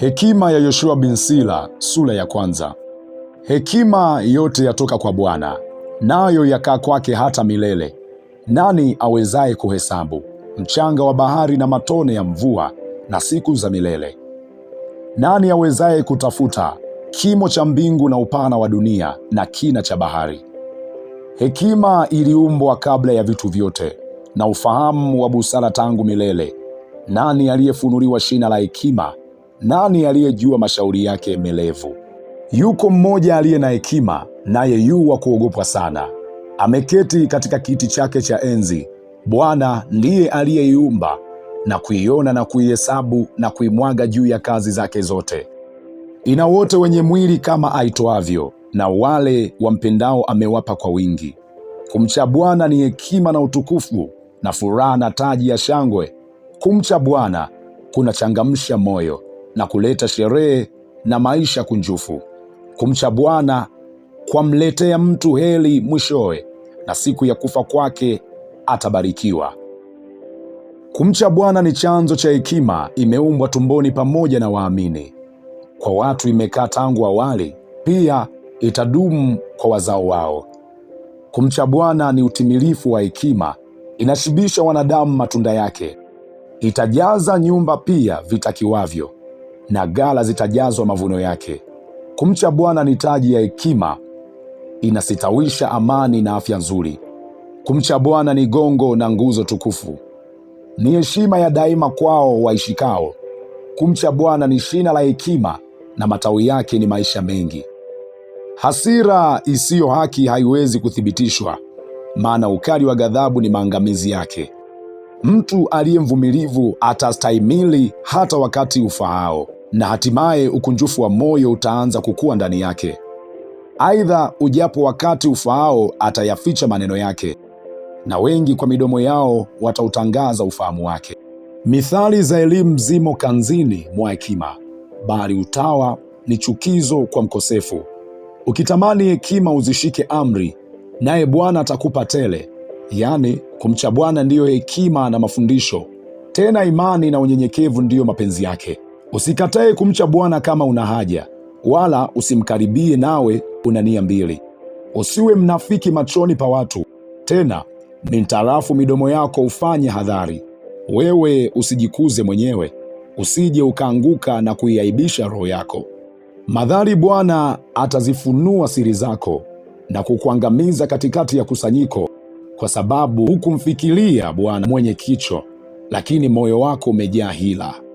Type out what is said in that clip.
Hekima ya Yoshua bin Sila sura ya kwanza. Hekima yote yatoka kwa Bwana, nayo yakaa kwake hata milele. Nani awezaye kuhesabu mchanga wa bahari na matone ya mvua na siku za milele? Nani awezaye kutafuta kimo cha mbingu na upana wa dunia na kina cha bahari? Hekima iliumbwa kabla ya vitu vyote, na ufahamu wa busara tangu milele. Nani aliyefunuliwa shina la hekima nani aliyejua mashauri yake melevu? Yuko mmoja aliye na hekima, naye yu wa kuogopwa sana. Ameketi katika kiti chake cha enzi. Bwana ndiye aliyeiumba na kuiona na kuihesabu na kuimwaga juu ya kazi zake zote. Ina wote wenye mwili kama aitoavyo, na wale wampendao amewapa kwa wingi. Kumcha Bwana ni hekima na utukufu, na furaha na taji ya shangwe. Kumcha Bwana kunachangamsha moyo na kuleta sherehe na maisha kunjufu. Kumcha Bwana kwamletea mtu heri mwishowe, na siku ya kufa kwake atabarikiwa. Kumcha Bwana ni chanzo cha hekima, imeumbwa tumboni pamoja na waamini. Kwa watu imekaa tangu awali, pia itadumu kwa wazao wao. Kumcha Bwana ni utimilifu wa hekima, inashibisha wanadamu matunda yake, itajaza nyumba pia vitakiwavyo na ghala zitajazwa mavuno yake. Kumcha Bwana ni taji ya hekima, inasitawisha amani na afya nzuri. Kumcha Bwana ni gongo na nguzo tukufu, ni heshima ya daima kwao waishikao. Kumcha Bwana ni shina la hekima, na matawi yake ni maisha mengi. Hasira isiyo haki haiwezi kuthibitishwa, maana ukali wa ghadhabu ni maangamizi yake. Mtu aliye mvumilivu atastahimili hata wakati ufaao na hatimaye ukunjufu wa moyo utaanza kukua ndani yake. Aidha, ujapo wakati ufaao atayaficha maneno yake, na wengi kwa midomo yao watautangaza ufahamu wake. Mithali za elimu zimo kanzini mwa hekima, bali utawa ni chukizo kwa mkosefu. Ukitamani hekima, uzishike amri, naye Bwana atakupa tele. Yaani, kumcha Bwana ndiyo hekima na mafundisho, tena imani na unyenyekevu ndiyo mapenzi yake. Usikatae kumcha Bwana kama una haja, wala usimkaribie nawe una nia mbili. Usiwe mnafiki machoni pa watu, tena mintarafu midomo yako ufanye hadhari. Wewe usijikuze mwenyewe, usije ukaanguka na kuiaibisha roho yako. Madhari Bwana atazifunua siri zako na kukuangamiza katikati ya kusanyiko, kwa sababu hukumfikiria Bwana mwenye kicho, lakini moyo wako umejaa hila.